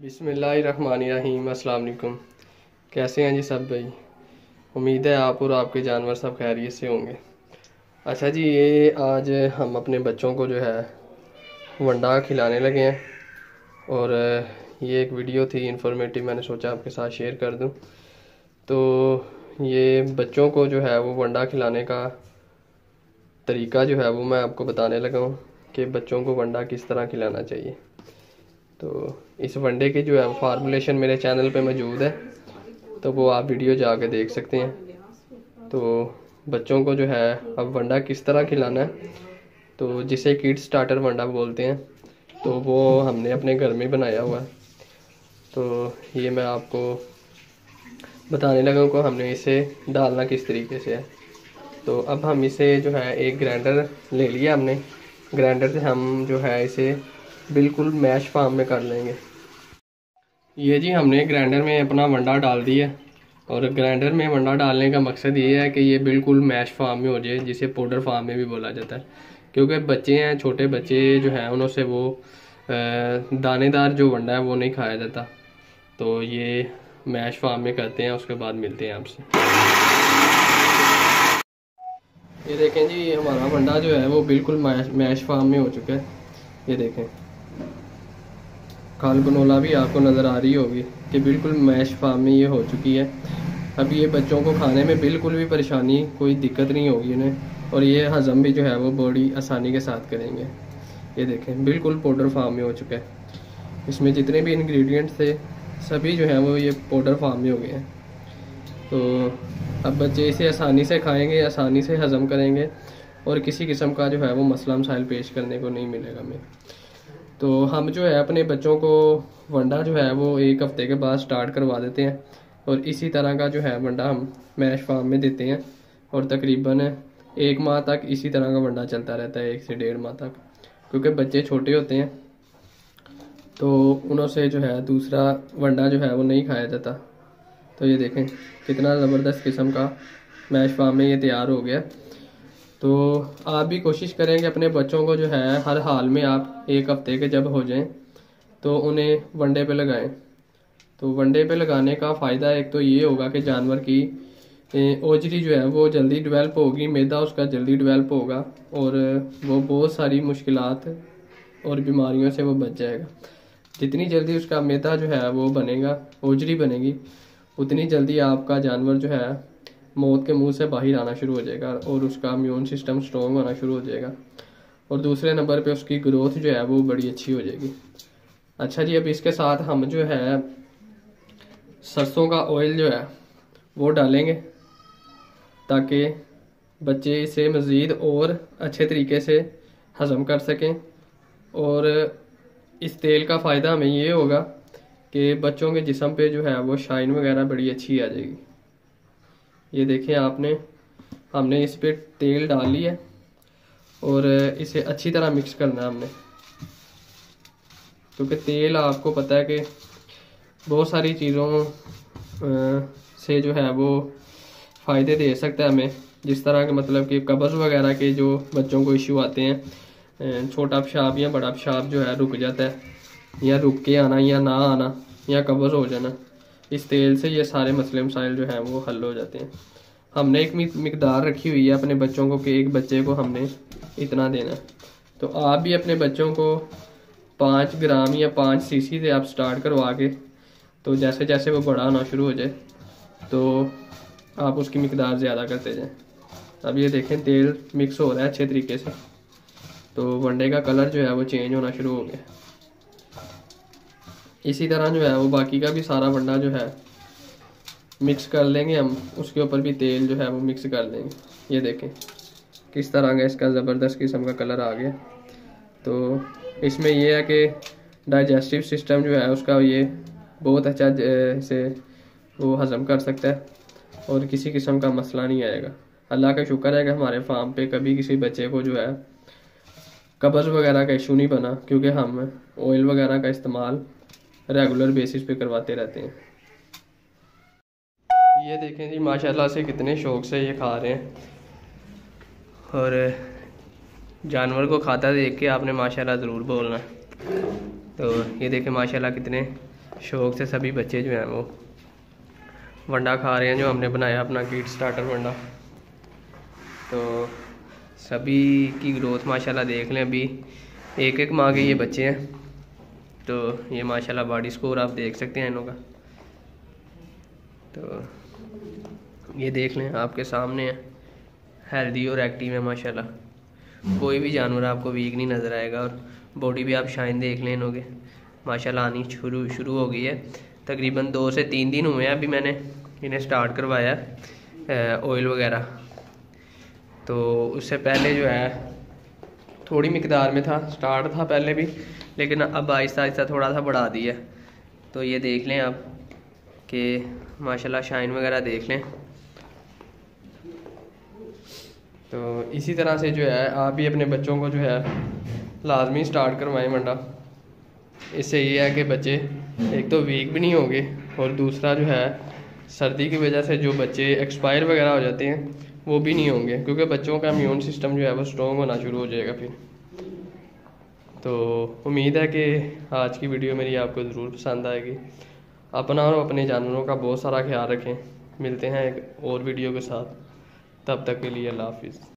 बिसमीम अल्लाम कैसे हैं जी सब भाई उम्मीद है आप और आपके जानवर सब खैरियत से होंगे अच्छा जी ये आज हम अपने बच्चों को जो है वंडा खिलाने लगे हैं और ये एक वीडियो थी इन्फॉर्मेटिव मैंने सोचा आपके साथ शेयर कर दूं तो ये बच्चों को जो है वो वंडा खिलाने का तरीका जो है वो मैं आपको बताने लगा हूँ कि बच्चों को वंडा किस तरह खिलाना चाहिए तो इस वनडे की जो है फार्मूलेशन मेरे चैनल पे मौजूद है तो वो आप वीडियो जाके देख सकते हैं तो बच्चों को जो है अब वंडा किस तरह खिलाना है तो जिसे किड स्टार्टर वंडा बोलते हैं तो वो हमने अपने घर में बनाया हुआ है तो ये मैं आपको बताने लगा को हमने इसे डालना किस तरीके से है तो अब हम इसे जो है एक ग्राइंडर ले लिया हमने ग्राइंडर से हम जो है इसे बिल्कुल मैश फार्म में कर लेंगे ये जी हमने ग्राइंडर में अपना वंडा डाल दिया और ग्राइंडर में वंडा डालने का मकसद ये है कि ये बिल्कुल मैश फार्म में हो जाए जिसे पाउडर फार्म में भी बोला जाता है क्योंकि बच्चे हैं छोटे बच्चे जो हैं उनसे वो दानेदार जो वंडा है वो नहीं खाया जाता तो ये मैश फार्म में करते हैं उसके बाद मिलते हैं आपसे ये देखें जी हमारा वंडा जो है वो बिल्कुल मैश मैश फार्म में हो चुका है ये देखें खालकनोला भी आपको नज़र आ रही होगी कि बिल्कुल मैश फार्म में ये हो चुकी है अब ये बच्चों को खाने में बिल्कुल भी परेशानी कोई दिक्कत नहीं होगी इन्हें और ये हज़म भी जो है वो बड़ी आसानी के साथ करेंगे ये देखें बिल्कुल पाउडर फार्म में हो चुका है इसमें जितने भी इंग्रेडिएंट थे सभी जो है वो ये पाउडर फार्म में हो गए हैं तो अब बच्चे इसे आसानी से खाएंगे आसानी से हज़म करेंगे और किसी किस्म का जो है वो मसला मसाइल पेश करने को नहीं मिलेगा हमें तो हम जो है अपने बच्चों को वंडा जो है वो एक हफ़्ते के बाद स्टार्ट करवा देते हैं और इसी तरह का जो है वंडा हम मैश फार्म में देते हैं और तकरीबन एक माह तक इसी तरह का वंडा चलता रहता है एक से डेढ़ माह तक क्योंकि बच्चे छोटे होते हैं तो उनसे जो है दूसरा वंडा जो है वो नहीं खाया जाता तो ये देखें कितना ज़बरदस्त किस्म का मैश फार्म में ये तैयार हो गया तो आप भी कोशिश करें कि अपने बच्चों को जो है हर हाल में आप एक हफ़्ते के जब हो जाएं तो उन्हें वनडे पे लगाएं तो वनडे पे लगाने का फ़ायदा एक तो ये होगा कि जानवर की ओजरी जो है वो जल्दी डेवलप होगी मैदा उसका जल्दी डेवलप होगा और वो बहुत सारी मुश्किल और बीमारियों से वो बच जाएगा जितनी जल्दी उसका मैदा जो है वो बनेगा ओजरी बनेगी उतनी जल्दी आपका जानवर जो है मौत के मुंह से बाहर आना शुरू हो जाएगा और उसका इम्यून सिस्टम स्ट्रॉन्ग होना शुरू हो जाएगा और दूसरे नंबर पे उसकी ग्रोथ जो है वो बड़ी अच्छी हो जाएगी अच्छा जी अब इसके साथ हम जो है सरसों का ऑयल जो है वो डालेंगे ताकि बच्चे इसे मज़ीद और अच्छे तरीके से हज़म कर सकें और इस तेल का फ़ायदा हमें ये होगा कि बच्चों के जिसम पे जो है वो शाइन वगैरह बड़ी अच्छी आ जाएगी ये देखिए आपने हमने इस पर तेल डाल लिया है और इसे अच्छी तरह मिक्स करना है हमने क्योंकि तेल आपको पता है कि बहुत सारी चीज़ों से जो है वो फ़ायदे दे सकता है हमें जिस तरह के मतलब कि कब्ज़ वगैरह के जो बच्चों को इशू आते हैं छोटा पेशाब या बड़ा पेशाब जो है रुक जाता है या रुक के आना या ना आना या कब्ज़ हो जाना इस तेल से ये सारे मसले मसाइल जो हैं वो हल हो जाते हैं हमने एक मकदार रखी हुई है अपने बच्चों को कि एक बच्चे को हमने इतना देना तो आप भी अपने बच्चों को पाँच ग्राम या पाँच सीसी से आप स्टार्ट करवा के तो जैसे जैसे वो बड़ा होना शुरू हो जाए तो आप उसकी मकदार ज़्यादा करते जाएँ अब ये देखें तेल मिक्स हो रहा है अच्छे तरीके से तो वनडे का कलर जो है वो चेंज होना शुरू हो गया इसी तरह जो है वो बाकी का भी सारा बंडा जो है मिक्स कर लेंगे हम उसके ऊपर भी तेल जो है वो मिक्स कर लेंगे ये देखें किस तरह का इसका ज़बरदस्त किस्म का कलर आ गया तो इसमें ये है कि डाइजेस्टिव सिस्टम जो है उसका ये बहुत अच्छा से वो हज़म कर सकता है और किसी किस्म का मसला नहीं आएगा अल्लाह का शुक्र है कि हमारे फार्म पे कभी किसी बच्चे को जो है कब्ज़ वगैरह का इशू नहीं बना क्योंकि हम ऑयल वगैरह का इस्तेमाल रेगुलर बेसिस पे करवाते रहते हैं ये देखें जी माशाल्लाह से कितने शौक़ से ये खा रहे हैं और जानवर को खाता देख के आपने माशाल्लाह ज़रूर बोलना तो ये देखें माशाल्लाह कितने शौक़ से सभी बच्चे जो हैं वो वंडा खा रहे हैं जो हमने बनाया अपना कीट स्टार्टर वंडा तो सभी की ग्रोथ माशाल्लाह देख लें अभी एक एक माँ के ये बच्चे हैं तो ये माशाल्लाह बॉडी स्कोर आप देख सकते हैं का तो ये देख लें आपके सामने है हेल्दी और एक्टिव है माशाल्लाह कोई भी जानवर आपको वीक नहीं नज़र आएगा और बॉडी भी आप शाइन देख लें के माशाल्लाह आनी शुरू शुरू हो गई है तकरीबन दो से तीन दिन हुए हैं अभी मैंने इन्हें स्टार्ट करवाया ऑयल वगैरह तो उससे पहले जो है थोड़ी मकदार में था स्टार्ट था पहले भी लेकिन अब आहिस्ता आहिस्ता थोड़ा सा बढ़ा दिया तो ये देख लें आप कि माशाल्लाह शाइन वगैरह देख लें तो इसी तरह से जो है आप भी अपने बच्चों को जो है लाजमी स्टार्ट करवाएं मंडा इससे ये है कि बच्चे एक तो वीक भी नहीं होंगे और दूसरा जो है सर्दी की वजह से जो बच्चे एक्सपायर वगैरह हो जाते हैं वो भी नहीं होंगे क्योंकि बच्चों का इम्यून सिस्टम जो है वो स्ट्रॉन्ग होना शुरू हो जाएगा फिर तो उम्मीद है कि आज की वीडियो मेरी आपको ज़रूर पसंद आएगी अपना और अपने जानवरों का बहुत सारा ख्याल रखें मिलते हैं एक और वीडियो के साथ तब तक के लिए अल्लाह हाफिज़